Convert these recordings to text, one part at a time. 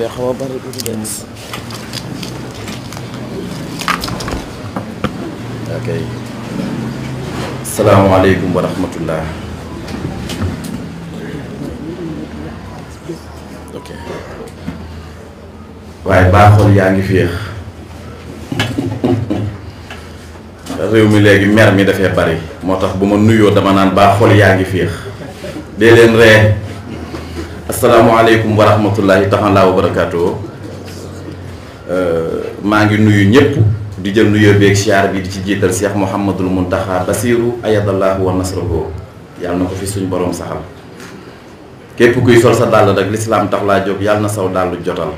day a bari tuuti de. ok salaamaaleykum wa rahmatullah. ok waaye baaxoon yaa ngi féex réew mi léegi mer mi dafee bari moo tax bu ma nuyoo dama naan baaxoon yaa ngi féex dee leen ree asalaamualeykum wa rahmatullahi taala wa barakaatu euh, maa ngi nuyu ñëpp di jël nuyoo beeg siyaar bi di ci jiital seex Mouhamadul Muntaxa Basiru ayadallahu wa nasrahu yàlla na ko fi suñ borom saxal kuy sol sa dàll rek lislaam tax laa jóg yàlla na saw dàll jotal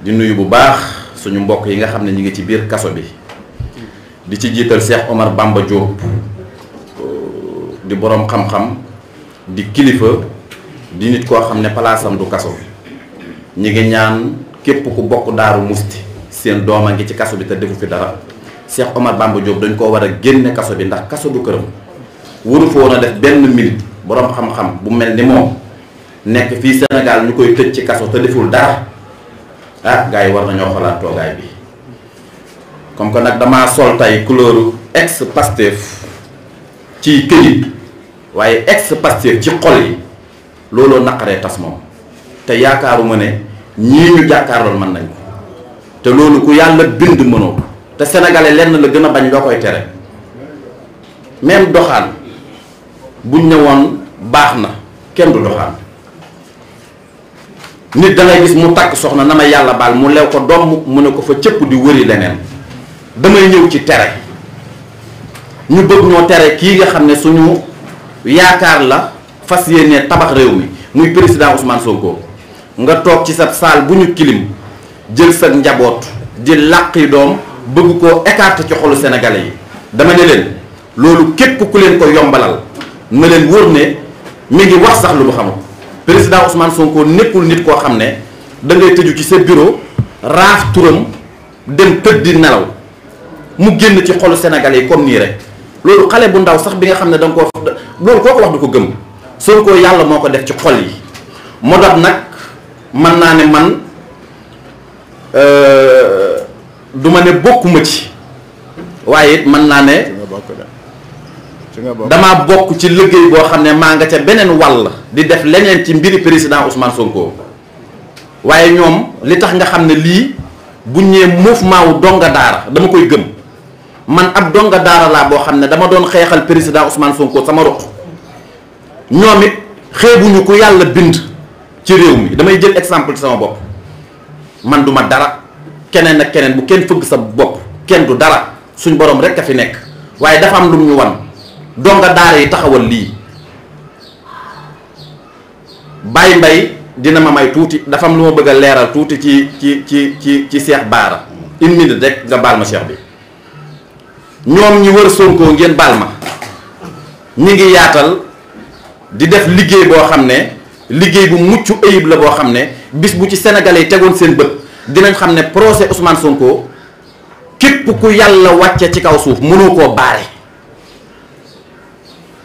di nuyu bu baax suñu mbokk yi nga xam ne ñu ngi ci biir kaso bi di ci jiital Cheikh Omar Bamba Diop euh, di boroom xam-xam di kilifa di nit koo xam ne palaasam du kaso ñi ngi ñaan képp ku bokk daaru musti seen doom a ngi ci kaso bi te defu fi dara Cheikh Omar Bamba Diop dañ koo war a génne kaso bi ndax kaso bu këram waru fa woon a def benn minute boroom xam-xam bu mel ni moom nekk fii Sénégal ñu koy tëj ci kaso te deful dara ah gars yi war nañoo xalaat toogaay bi comme que nag dama sol tey couleur ex Pastef ci këyit waaye ex Pastef ci xol yi looloo naqaree tas moom te yaakaaruma ne ñii ñu jàkkaarlool mën nañ te loolu ku yàlla bind mënoo te sénégalais lenn la gën a bañ loo koy tere même doxaan buñ ñëwoon baax na kenn du doxaan nit da ngay gis mu takk soxna na ma yàlla baal mu lew ko doom mu ne ko fa cëpp di wëri leneen damay ñëw ci tere ñu bëgg ñoo tere kii nga xam ne suñu yaakaar la fas yéene tabax réew mi muy président Ousmane Sonko nga toog ci sa saal bu ñu kilim jël sa njaboot di yi doom bëgg ko écarter ci xolu sénégalais yi dama ne leen loolu képp ku leen ko yombalal na leen wóor ne mi ngi wax sax lu mu xamul président Ousmane Sonko nekkul nit koo xam ne da ngay tëju ci sa biro raaf turam dem tëdd di nelaw mu génn ci xolu sénégalais yi comme nii rek loolu xale bu ndaw sax bi nga xam ne da nga koo loolu koo ko wax du ko gëm Sonko yàlla moo ko def ci xol yi moo tax nag mën naa ne man euh, du ma ne bokkuma ci waaye it mën naa ne damaa bokk ci liggéey boo xam ne maa nga ca beneen wàll di def leneen ci mbiri président Ousmane Sonko waaye ñoom li tax nga xam ne lii bu ñee mouvement wu donga daara dama koy gëm man ab donga daara laa boo xam ne dama doon xeexal président Ousmane Sonko sama ruq ñoom it xeebuñu ku yàlla bind ci réew mi damay jël exemple ci sama bopp man duma dara keneen ak keneen bu kenn fëgg sa bopp kenn du dara suñ boroom rek a fi nekk waaye dafa am lu mu wan donga daara yi taxawal lii bàyyi mbay dina ma may tuuti dafa am lu ma bëgg leeral tuuti ci ci ci ci ci Cheikh Baara une minute rek nga baal ma Cheikh bi ñoom ñi wër Sonko ngeen baal ma ñi ngi yaatal di def liggéey boo xam ne liggéey bu mucc ayib la boo xam ne bis bu ci sénégalais tegoon seen bët dinañ xam ne procès Ousmane Sonko képp ku yàlla wàcce ci kaw suuf mënoo koo baare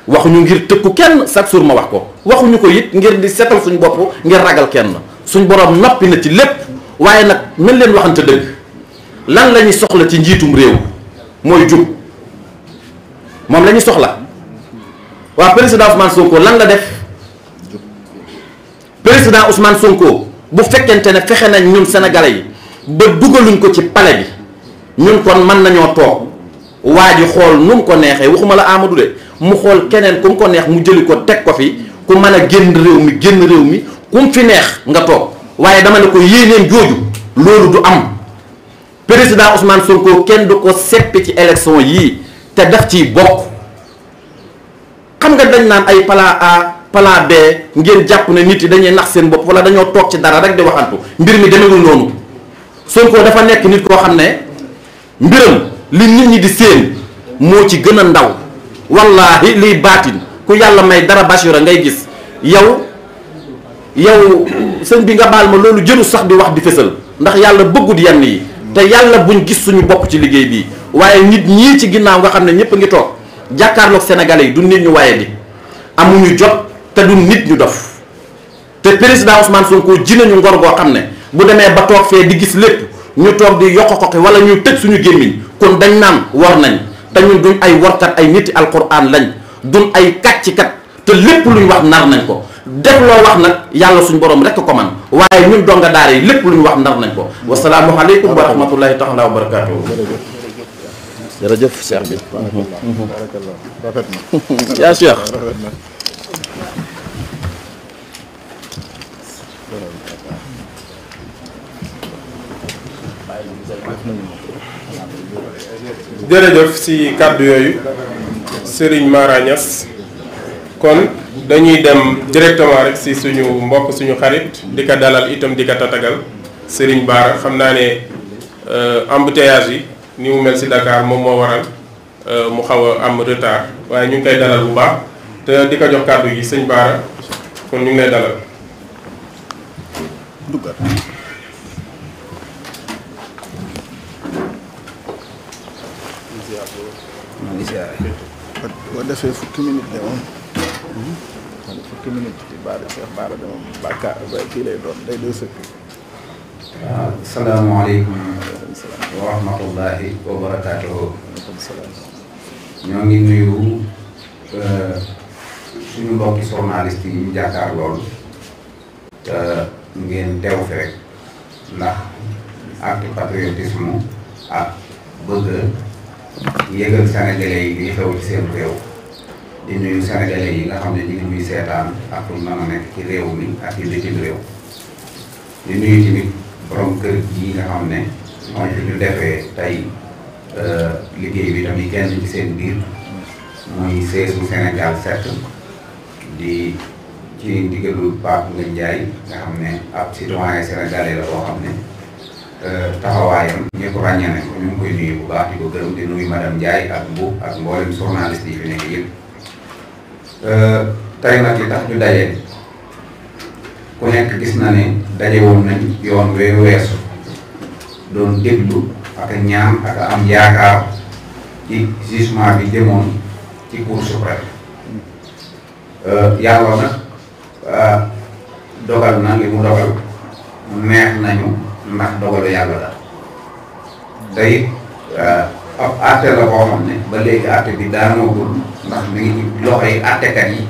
waxuñu ngir tëkku kenn chaque jour ma wax ko waxuñu ko it ngir di setal suñ bopp ngir ragal kenn suñ borom noppi na ci lépp waaye nag mën leen waxante dëgg lan lañuy soxla ci njiitum réew mooy jub moom lañuy soxla. waaw président Ousmane Sonko lan la def président Ousmane Sonko bu fekkente ne fexe nañ ñun sénégalais yi ba dugaluñ ko ci pale bi ñun kon mën nañoo toog waa ji xool nu mu ko neexee waxuma la Amadou de mu xool keneen ku mu ko neex mu jëli ko teg ko fi ku mën a génn réew mi génn réew mi ku mu fi neex nga toog waaye dama ne ko yéeneen jooju loolu du am président Ousmane Sonko kenn du ko seppi ci élection yii te daf ciy bokk. xam nga dañ naan ay palaa A plan B ngeen jàpp ne nit yi dañuy nax seen bopp wala dañoo toog ci dara rek di waxantu mbir mi demewul noonu Sonko dafa nekk nit koo xam ne mbiram li nit ñi di séen moo ci gën a ndaw wallaahi liy baatin ku yàlla may dara Bachira ngay gis yow yow sëñ bi nga baal ma loolu jëru sax di wax di fësal ndax yàlla bëggut yenn yi te yàlla buñ gis suñu bokk ci liggéey bii waaye nit ñii ci ginnaaw nga xam ne ñëpp a ngi toog jàkkaarlook sénégalais yi du nit ñu waaye di amuñu jot te du nit ñu dof te président Ousmane ko ji nañu ngor goo xam ne bu demee ba toog fee di gis lépp ñu toog di yokk koqi wala ñuy tëj suñu gémmiñ kon dañ naan war nañ te ñun duñ ay warkat ay niti alquran lañ duñ ay kàccikat te lépp luñ wax nar nañ ko def loo wax nag yàlla suñu borom rek ko man waaye ñun donga yi lépp luñu wax nar nañ ko wasalaamu aleykum wa rahmatullahi taala wa barakatuh jërëjëf Cheikh mhm. mhm. bi. si kàddu yooyu Serigne Mara kon dañuy dem directement rek si suñu mbokk suñu xarit di ko dalal itam di ko tatagal Serigne Bara xam naa ne euh, embouteillage yi. ni mu mel si Dakar moom moo waral euh, mu xaw a am retard waaye ñu ngi koy dalal bu baax te di ko jox kàddu gi sëñ Baara kon ñu ngi lay dalal. duggal. boo defee fukki minute hmm? de moom bàkkaar ba kii lay doon day doon sëkk. waaw salaamaaleykum. wa rahmatullahi wa barakaatuhu ñoo ngi nuyu euh, suñu mbokki journaliste yi ñu jàkkaar lool te euh, ngeen teew fi rek ndax acte patriotisme ak bëgg yëgal sénégalais yi di xew ci seen réew di nuyu sénégalais yi nga xam ne ñu ngi muy seetaan ak pour mën nekk ci réew mi ak ci bitim réew di nuyu tamit borom kër yi nga xam ne donc ñu defee tey euh, liggéey bi tamit kenn ci seen biir muy seesu Sénégal set di ci ndigalu Pape Ngagne Ndiaye nga xam ne ab citoyen sénégalais la boo xam ne euh, taxawaayam ñëpp ràññee nañ ko baax di ko gërëm ak Mbour ak mboolem yi fi nekk yëpp euh, tey nag li tax ñu daje ku nekk gis na ne daje woon nañ yoon wee weesu doon déglu ak a ñaan ak am yaakaar ci jugement bi demoon ci cour suprême euh, yàlla nag euh, dogal na li mu dogal neex nañu ndax dogalu yàlla la te it euh, ab àtte la boo ne ba léegi àtte bi daanoogul ndax mi loxo yi àttekat yi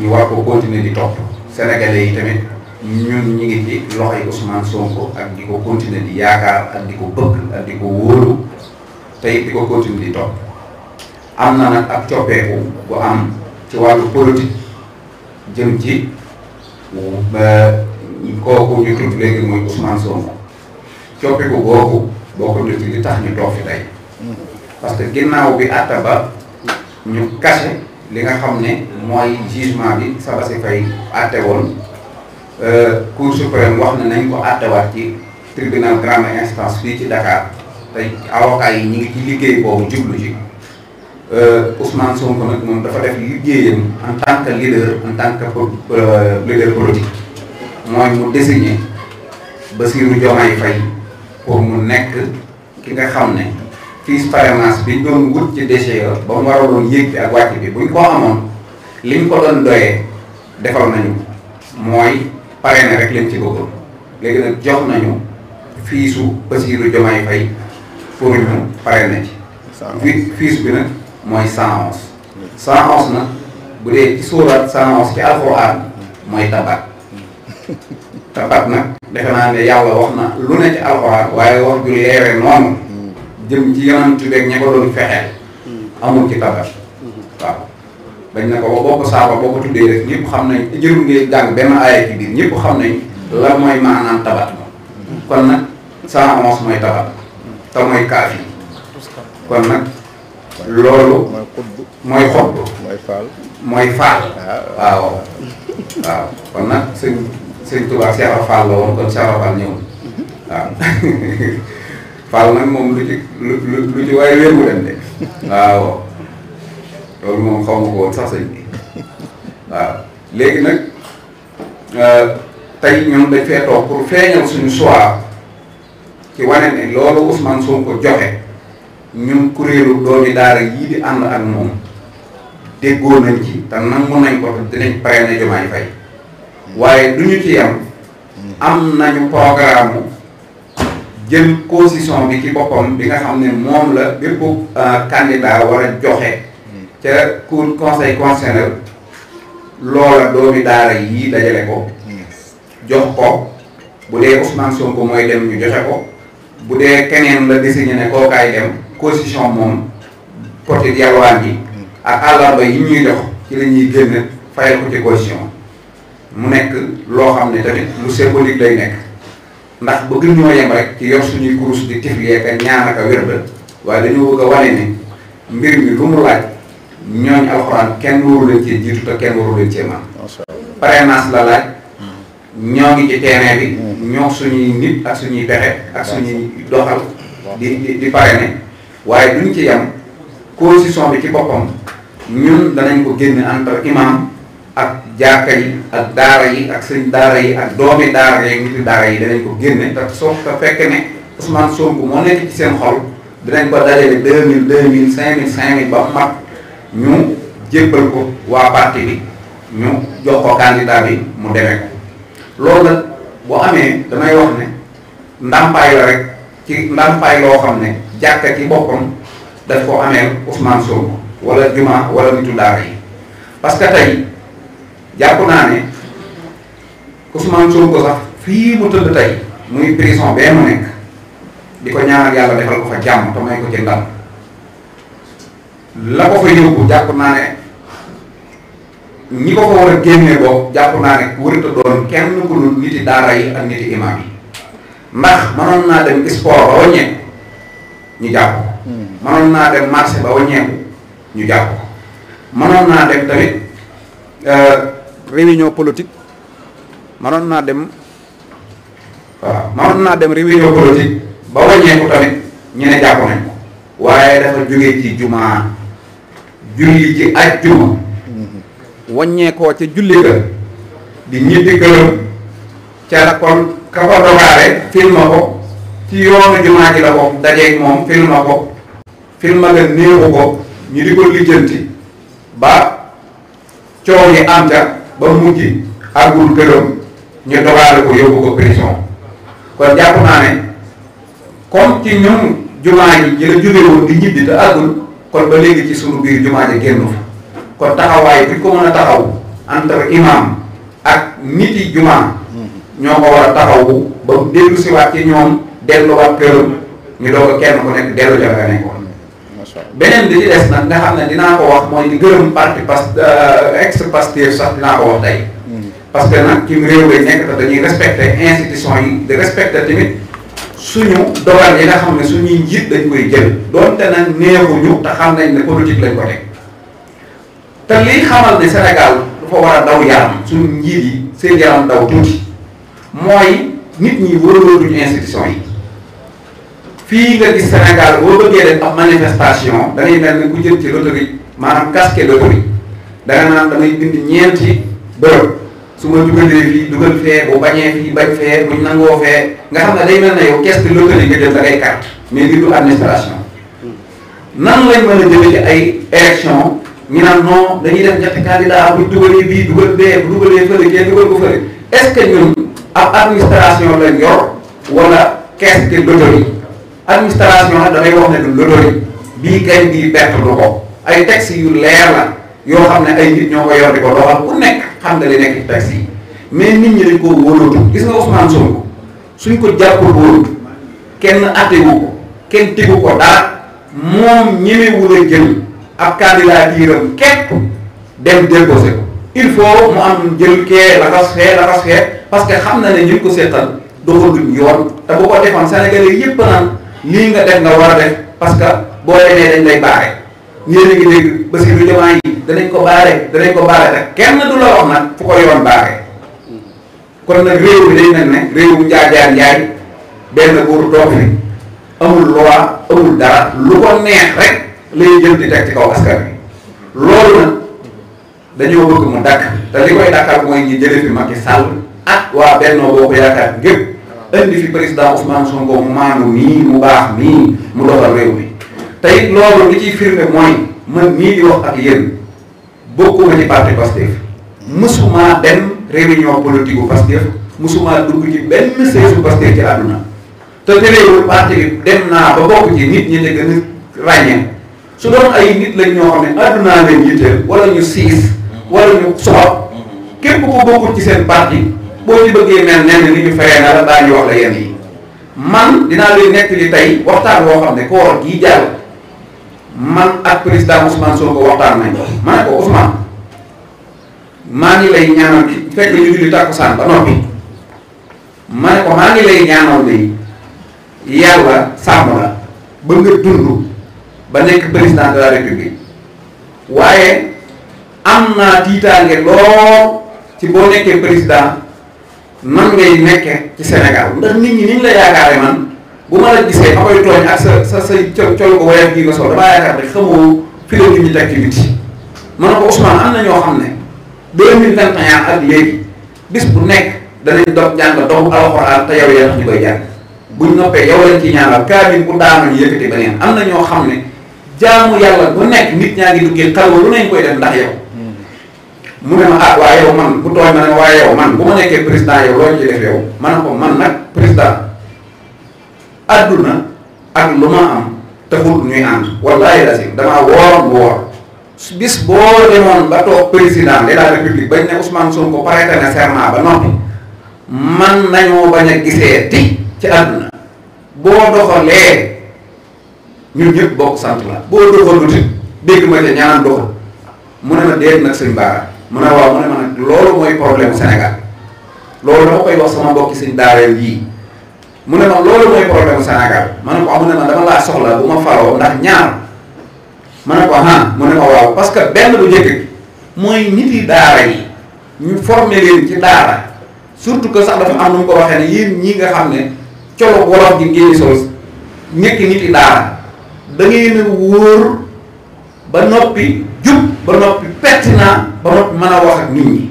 ñu war ko continuer di topp sénégalais yi tamit ñun ñu ngi ci loxoy Ousmane Sonko ak di ko continuer di yaakaar ak di ko bëgg ak di ko wóolu tey di ko continuer di topp am na ak coppeeku bu am ci wàllu politique jëm ci kooku ñu tudd léegi mooy Ousmane Sonko coppeeku boobu bokk na ci li tax ñu toog fi tey parce que ginnaaw bi àtta ba ñu kase li nga xam ne mooy jugement bi Sabassy Faye àtte woon Euh, cour suprême wax na nañ ko àttewaat ci tribunal grande instance fii ci Dakar te avocat yi ñu ngi ci liggéey boobu jublu ci euh, Ousmane Sonko nag moom dafa def liggéeyam en tant que leader en tant que euh, leader politique mooy mu désigné Bassirou Diomaye Faye pour mu nekk ki nga xam ne fiche parrainage bi ñu doon wut ci déchet ba mu waraloon yéeg bi ak wàcc bi buñ ko amoon liñ ko doon doyee defal nañu mooy pare na rek lañ ci bëggoon léegi nag jox nañu fiisu Bassirou Diomaye Faye pour ñu pare na ci. fi fiis bi nag mooy 111. 111 nag bu dee ci suuraat 111 ci alxuraan mooy tabaat tabaat nag defe naa ne yàlla wax na lu ne ci alxuraan waaye wax ju leere noonu hmm. jëm ci yonent beeg ña ko doon hmm. amul ci tabaat hmm. waaw. dañ na ko ba boo ko saaba boo ko tuddee rek ñëpp xam nañ jërul ngay jàng benn aaya ci biir ñëpp xam nañ la mooy maanaam tabat ma kon nag cent onze mooy tabat ah. moom lu ci lu lu ci waaye wér wu dem de waaw loolu moom xaw ma léegi nag euh, tey ñoom dañ toog pour feeñal suñu choix ci wane ne loolu Ousmane Sonko joxe ñun kuréelu doomi daara yii di ànd ak moom déggoo nañ ci te nangu nañ ko dinañ pare na Diomaye Faye waaye du ñu ci yam am nañu programme jël position bi ci boppam bi nga xam ne moom la bépp euh, candidat war a joxe ca cour conseil constitutionnel loola doomi daara yii dajale ko jox ko bu dee Ousmane Sonko mooy dem ñu joxe ko bu dee keneen la désigné ne kookaay dem constitution moom porté yalwaan bi ak àllarba yi ñuy jox ci la ñuy génn fayal ko ci mu nekk loo xam ne tamit lu symbolique lay nekk ndax bëgg ñoo yem rek ci yor suñuy kurus di tifli ak ñaan ak a wér waaye dañoo bëgg a wane ne mbir mi lu mu laaj ñooñ alxuraan kenn waru leen cee jiitu te kenn waru leen cee man parrainage la laaj hmm. ñoo ngi ci terrain bi hmm. ñoo suñuy nit ak suñuy pexe ak suñuy doxal di di di parrainé waaye duñ ci yam constitution bi ci boppam ñun danañ ko génn entre imam ak jàkka yi ak daara yi ak sëñ daara yi ak doomi daara yi niti daara yi danañ ko génne te soo ko fekk ne Ousmane Sonko moo nekk ci seen xol dinañ ko dajale deux mille deux mille cinq mille cinq mille ba mag ñu jébbal ko waa parti bi ñu jox ko candidat bi mu demee ko loolu nag boo amee damay wax ne ndàmpaay la rek ci ndàmpaay loo xam ne jàkka ci boppam daf ko ameel Ousmane Sonko wala juma wala nitu daara yi parce que tey jàpp naa ne Ousmane Sonko sax fii mu tëdd tey muy prison bee mu nekk di ko ñaanal yàlla defal ko fa jàmm te ko ci ndam la ko fa yóbbu jàpp naa ne ñi ko fa war a génnee ko jàpp naa ne warut a kenn ku dul niti daara yi ak niti imaam yi ndax naa dem sport ba wàññeeku ñu jàpp ko hmm. mënoon naa dem mënoon naa dem tamit euh, réunion politique mënoon naa dem waaw mënoon naa dem réunion politique ba wàññeeku tamit ñu ne nañ waaye dafa jógee ci jumaa julli ci ajjuma waññeekoo ca julli ga di ñibbi këram ca kon ka ko dogaale filma ko ci yoonu jumaa ji la ko dajeeg moom filma ko filma ga néexu ko ñu di ko lijjanti ba coow yi am ca ba mujj àggul këram ñu dogaale ko yóbbu ko prison kon jàpp naa ne comme ci ñun jumaa ji ji la woon di ñibbi te àggul kon ba léegi ci sunu biir jumaa ji génn ko kon taxawaay bi ko mën a taxaw entre imam ak nit yi jumaa ñoo ko war a taxawu ba dellu si waat ci ñoom delluwaat këram ñu doog a kenn ku nekk dellu ja nga nekkoon beneen bi ci des nag nga xam ne dinaa ko wax mooy di gërëm parti pas euh, ex Pastef sax dinaa ko wax tey hmm. parce que nag ci réew lay nekk te dañuy respecté institution yi di respecté tamit suñu dogal yi nga xam ne suñuy njiit dañ koy jël doonte nag neexuñu te xam nañ ne politique lañ ko teg te liy xamal ne Sénégal dafa war a daw yaram suñu njiit yi seen yaram daw tuuti mooy nit ñi wóorlooduñu institution yi fii nga gis Sénégal boo bëggee def ab manifestation da ngay mel ne ku jël ci loterie maanaam casque loterie da nga naan da bind ñeenti bërëb su ma dugalee fii dugal fee bu bañee fii bañ fee buñ nangoo fee nga xam ne day mel ne yow caisse de loterie nga jël da ngay carte mais du administration nan lañ mën a jëlee ci ay élection ñu naan non dañuy def ñetti candidat buñ dugalee bii dugal bee bu dugalee fële kenn dugal ko fële est-ce que ñun ab administration lañ yor wala caisse de loterie administration nag damay wax ne du loterie bii gañ bii perte ko ay textes yu leer la yoo xam ne ay nit ñoo am na li nekk taxi mais nit ñi dañ koo wóolootu gis nga Ousmane Sonko suñ ko jàppul wóolootu kenn attewu ko kenn tegu ko dara moom ñemewul a jël ab candidature am képp dem déposé ko il faut mu am jël kee lakas fee lakas fee parce que xam na ne ñu ko seetal doxaluñ yoon te bu ko defoon Sénégalais yëpp naan lii nga def nga war a def parce que boo demee dañ lay baaxee. yéen a ngi dégg Bassirou Diomaye yi danañ ko baare danañ ko baare rek kenn du la wax nag fu ko yoon baaxee kon nag réew mi day mel ne réew bu njaajaar njaay benn buur toog fi amul loi amul dara lu ko neex rek lay jël di teg ci kaw askan bi loolu nag dañoo bëgg mu dakk te li koy dakkal mooy ñi jële fi Macky Sall ak waa Benno Bokk Yaakaar gépp indi fi président Ousmane Sonko mu maanu nii mu baax nii mu doxal réew mi tey loolu li ciy firnde mooy man mii di wax ak yéen bokkuma ci parti Pastef mësuma dem réunion politique bu Pastef mësuma dugg ci benn siège bu ci àdduna te terewul parti dem naa ba bokk ci nit ñi gën a ràññee su doon ay nit lañ ñoo xam ne àddunaa leen yitteel wala ñu siis wala ñu soxor képp ku bokkul ci seen parti boo ci bëggee mel nenn ni ñu fayee na la baa ñu wax la yenn yi man dinaa leen nekk li tey waxtaan woo xam ne koor man ak président Ousmane Sonko waxtaan nañ ma ne ko Ousmane maa ngi lay ñaanal bi ba noppi ma ne ko maa lay yàlla sàmm la ba nga dund ba nekk président de la république waaye am naa tiitaange lool ci boo nekkee président man ngay nekke ci Sénégal ndax nit ñi ni la yaakaare man bu ma la gisee ma koy tooñ ak sa sa sa co col ko wayam kii nga sol damaa yaakaar ne xamoo filo gi ñu teg ci biti ma ne ko Ousmane am na ñoo xam ne deux mille vingt et un ak bu nekk danañ dox jàng doxu alxuraan te bu daanu ñu yëkkati beneen am na ñoo xam ne jaamu yàlla bu nekk nit ñaa ngi duggee nañ koy def ndax yow mu ne ma a ah, waaye yow man bu tooñ ma ne waaye yow man bu ma nekkee président yow loo ci def yow ma ne ko man nag président adduna ak lu ma am taxul ñuy ànd wallaahi lazim damaa wooroon bu woor boo demoon ba toog président de la république bañ ne Ousmane Sonko parete na serment ba noppi man nañoo bañ a gisee ti ci àdduna boo doxalee ñun ñëpp bokk sant la boo doxalut it ma te ñaan doxal mu ne ma déet nag sëñ Bara mu ne loolu mooy problème Sénégal loolu dama koy wax sama mbokki sëñ daara yii mu ne ma loolu mooy problème Sénégal ma ne ko ah mu ne ma dama laa soxla bu ma faroo ndax ñaar ma ne ko ah mu ne ma waaw parce que benn bu njëkk gi mooy nit yi daara yi ñu former ci daara surtout que sax dafa am nu mu ko waxee ne yéen ñii nga xam ne colo wolof gi ngeen sol nekk nit yi daara da ngeen a ba noppi jub ba noppi pertinent ba noppi mën a wax ak nit ñi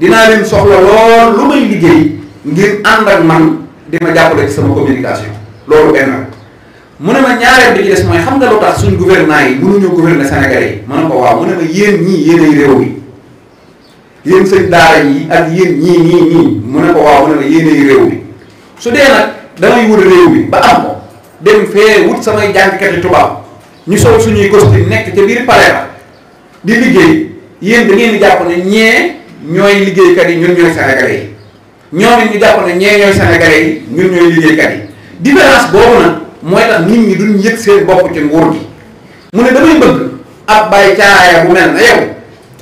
dinaa leen soxla lool lu may liggéey ngir ànd ak man. di ma jàppale ci sama communication loolu benn la mu ne ma ñaareel bi ci des mooy xam nga lu tax suñ gouvernement yi mënuñoo gouverner Sénégalais yi ma ne ko waaw mu ne ma yéen ñii yéenay réew mi yéen sëñ daara yi ak yéen ñii ñii ñii mu ne ko waaw mu ne su dee nag damay wut réew mi ba am ko dem fee wut samay jàngkati tubaab ñu sol suñuy costume nekk ca biir palais la di liggéey yéen da ngeen di jàpp ne ñee ñooy liggéeykat yi ñun ñooy Sénégalais yi. ñoom it ñu jàpp ne ñee ñooy sénégalais yi ñun ñooy liggéeykat yi différence boobu na mooy tax nit ñi duñ yëg seen bopp ci nguur gi mu ne damay bëgg ab bàyyi caaya bu mel na yow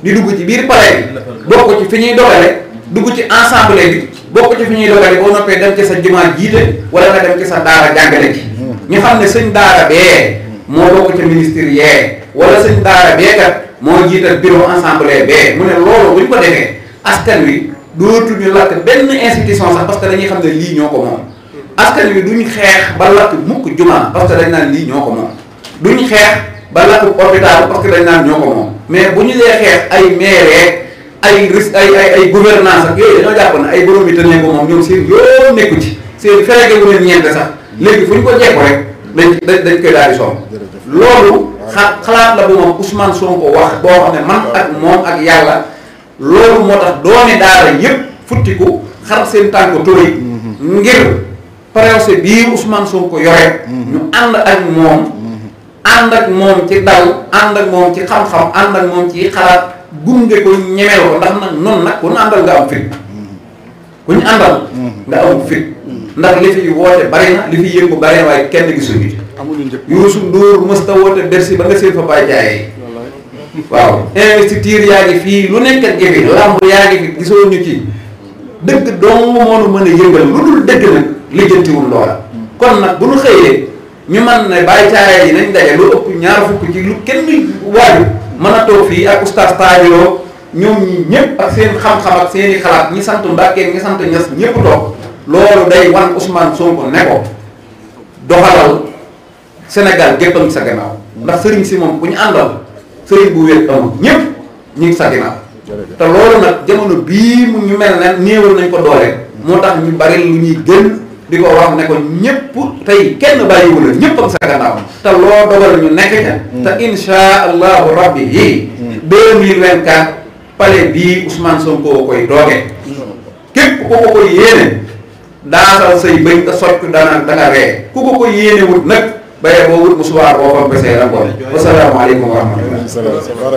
di dugg ci biir palais bi bokk ci fi ñuy dogale dugg ci ensemble bi bokk ci fi ñuy dogale boo noppee dem ci sa jumaa jiite wala nga dem ci sa daara jàngale ji ñu xam ne sëñ daara bee moo bokk ca ministère yee wala sëñ daara bee kat moo jiital bureau ensemble bee mu ne loolu buñ ko defee askan wi dootuñu lakk benn institution sax parce que dañuy xam ne lii ñoo ko moom askan wi duñ xeex ba lakk mukk jumaa parce que dañ naan lii ñoo ko moom duñ xeex ba lakk hôpital parce que dañ naan ñoo ko moom mais bu ñu lee xeex ay maire ay risque ay ay ay gouvernance ak yooyu dañoo jàpp ne ay borom yi tënee ko moom ñoom seen yoon nekku ci seen ferege wu leen ñeent sax léegi fu ñu ko jekku rek dañ dañ koy daal di soom loolu xa xalaat la bu moom Ousmane Sonko wax boo xam ne ak moom loolu moo tax doomi daara yëpp ko xar seen tànk turi ngir procès bii Ousmane Sonko yore ñu ànd ak moom ànd ak moom ci dal ànd ak moom ci xam-xam ànd ak moom ci xalaat gunge ko ñemel ko ndax nag noonu nag ku ñu àndal nga am fit ku ñu àndal nga am fit ndax li fi woote bari na li fi yëngu bari na waaye kenn gisuñu Youssou Ndour mës ta woote Bercy ba nga seen fa bàyyi jaayee waaw investiture yaa ngi fii lu nekk ak jafe lamb yaa ngi fi gisoo ñu ci dëgg dong moonu mën a yëngal lu dul dëgg nag lijjantiwul loola kon nag bu ñu xëyee ñu man ne bàyyi caaya yi nañ daje lu ëpp ñaar fukk ci lu kenn waaju mën a toog fii ak oustaz taajoo ñoom ñi ñëpp ak seen xam-xam ak seen xalaat ñi sant Mbàkke ñi sant Ñas ñëpp toog loolu day wan Ousmane Sonko ne ko doxalal Sénégal géppam sa gannaaw ndax sëriñ si moom ku ñu àndal sëriñ bu wér amul ñëpp ñu ngi sa ginnaaw te loolu nag jamono bii mu ñu mel ne néewal nañ ko doole moo tax ñu bari lu ñuy gën di ko wax ne ko ñëpp tey kenn bàyyiwul la ñëpp sa gannaaw te loo dogal ñu nekk ca mm. te insha allahu rabbi yi 2024 mm. palais bii Ousmane Sonko koy doogee képp ko ko ko yéene daasal say bëñ nga soccu dana da nga ku ko ko yéene nag baye boo wut musuwaar boo ko pesee rek bon wasalaamaaleykum wa rahmatulah.